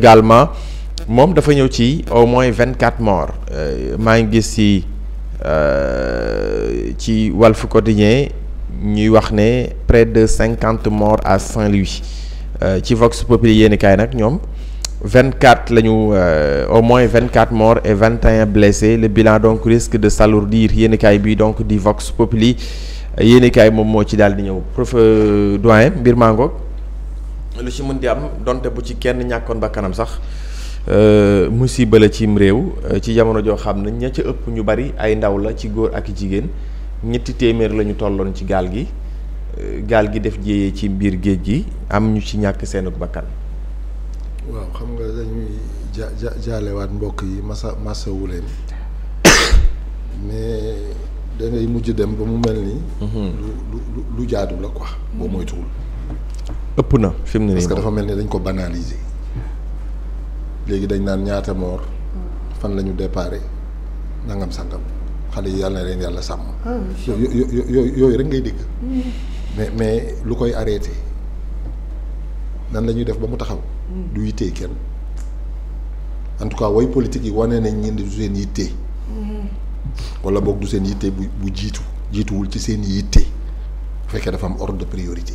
également mom dafa ñew ci au moins 24 morts euh, ma ngi ci euh ci walf quotidien ñuy wax né près de 50 morts à Saint-Louis euh ci vox populi yene kay nak ñom 24 lañu euh, au moins 24 morts et 21 blessés le bilan donc risque de s'alourdir yene kay bi donc di vox populi euh, yene kay mom mo ci dal di ñew prof euh, doyen bir mangok lu ci mën di am donte bu ci kenn ñàkkoon bakkanam kanam sax euh, musiba la cim réew euh, ci jamono joo xam na ña ca ëpp ñu bari ay ndaw la ci góor ak jigéen ñetti téeméer la ñu tolloon ci gaal gi euh, gaal gi def jéyee ci biir géej gi am ñu ci ñàkk seenuk bakkan waaw xam nga dañuy jaa ja jaalewaat mbokk yi masa masawu leen mais dangay mujj dem ba mu mel ni. Mhm. lu lu lu jaadu la quoi boo moytuwul. ëpp na fi ne parce que dafa mel ni dañ ko banaliser léegi dañ naan ñaata moor fan lañu ñu déparé nangam sangam xale yi yàlla na leen yàlla sàmm. Ah, yooyu yooyu rek ngay dégg. Mm. mais mais lu koy arrêté nan la def ba mu taxaw. Mm. du yittee kenn en tout cas way politique yi wane nañ ñeen du seen yittee. Mm-hmm. wala boog du seen yittee bu bu jiitu jiituwul ci seen yittee bu fekkee dafa am ordre priorité.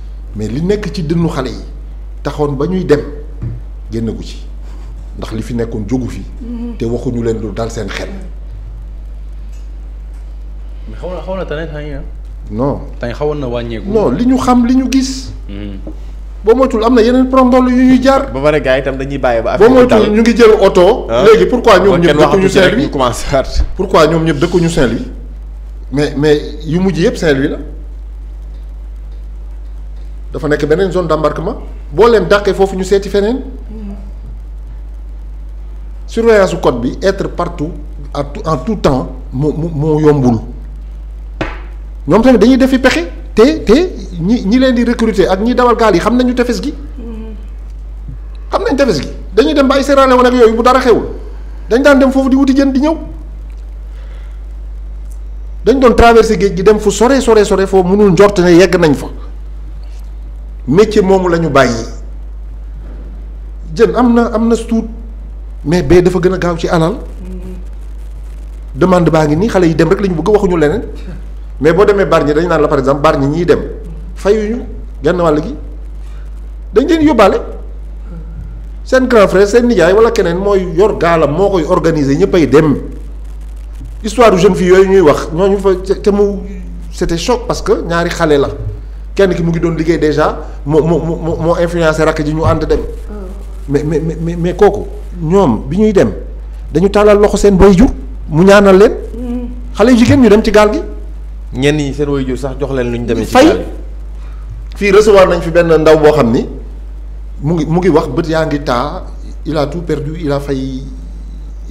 mais li nekk ci dënnu xale yi taxoon ba ñuy dem génnagu ci ndax li fi nekkoon jógu fi. Mhm. te waxuñu leen du dal seen xel. mais xaw xaw na tane temps yi ah. non tey na wàññeeku. non li ñu xam li ñu gis. Mhm. boo moytul am na yeneen promdol yu ñuy jaar. ba pare gars yi itam dañuy bàyyi ba. affaire boo moytul ñu ngi jël oto. Ah. léegi pourquoi ñoom ñëpp dëkkuñu saint pour pourquoi ñoom ñëpp dëkkuñu Saint-Louis mais mais yu mujj yëpp saint wi la. dafa nek une zone d'embarquement bo len faut que ñu séti fenen surveillance côte bi être partout à tout en tout temps mo mo yombul ñom tane dañuy defi des te té ñi ñi di recruter ak ñi dawal yi xam tefes gi xam tefes gi dañuy dem won ak bu dara xewul dañ dem di wuti di dañ traverser gi dem fu sore sore sore fo mënul yegg métier moomu la ñu bàyyi jën am na am na suut mais bee dafa gën a gaaw ci alal demande baa ngi nii xale yi dem rek lañu ñu bëgg waxuñu leneen mais boo demee Bargny dañu naan la par exemple Bargny ñiy dem fayuñu genn wàll gi dañ leen yóbbaale seen grand frère seen nijaay wala keneen mooy yor gaalam moo koy organiser ñëppay dem histoire jeune fii yooyu ñuy wax ñoo ñooñu fa te mu c'était choc parce que ñaari xale la. kenn ki mu ngi doon liggéey déjà mo mo mo moo influencé rakk ji ñu ànd dem. Mm. mais mais mais mais kooku ñoom bi ñuy dem dañu talal loxo seen waajur mu ñaanal leen. Mm. xalé jigen ñu dem ci gal gi. ñen ñi seen waajur sax jox leen luñu ñu ci gal fi recevoir nañ fi ben ndaw bo xamni ni mu ngi mu ngi wax beut yaangi ta il a tout perdu il a failli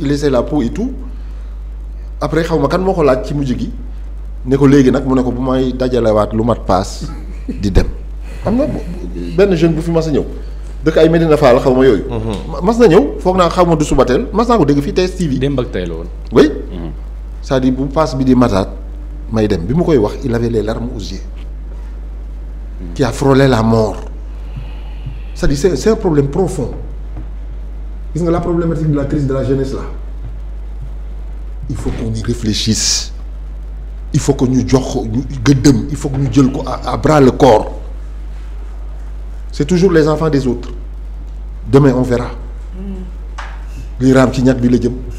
laisser la peau et tout après xawma kan moko laaj ci mujjigi ne ko legui nak mu ne ko bu may wat lu mat passe di dem am na benn jeune bu fi mas a ñëw dëkk ay Medina Fall xaw ma yooyu. Mhm. mas na ñëw foog naa xaw ma du subatel teel mas naa ko dégg fii TS TV. dem ak tey la woon. oui ça mhm. à dire bu paas bi di mataat may dem bi mu koy wax il avait les larmes aux yeux. Mhm. qui a frôlé la mort. ça à dire c'est un problème profond gis nga la problématique de la crise de la jeunesse là il faut qu'on y réfléchisse il faut que nous jox il faut que nous jël à bras le corps c'est toujours les enfants des autres demain on verra. Mm.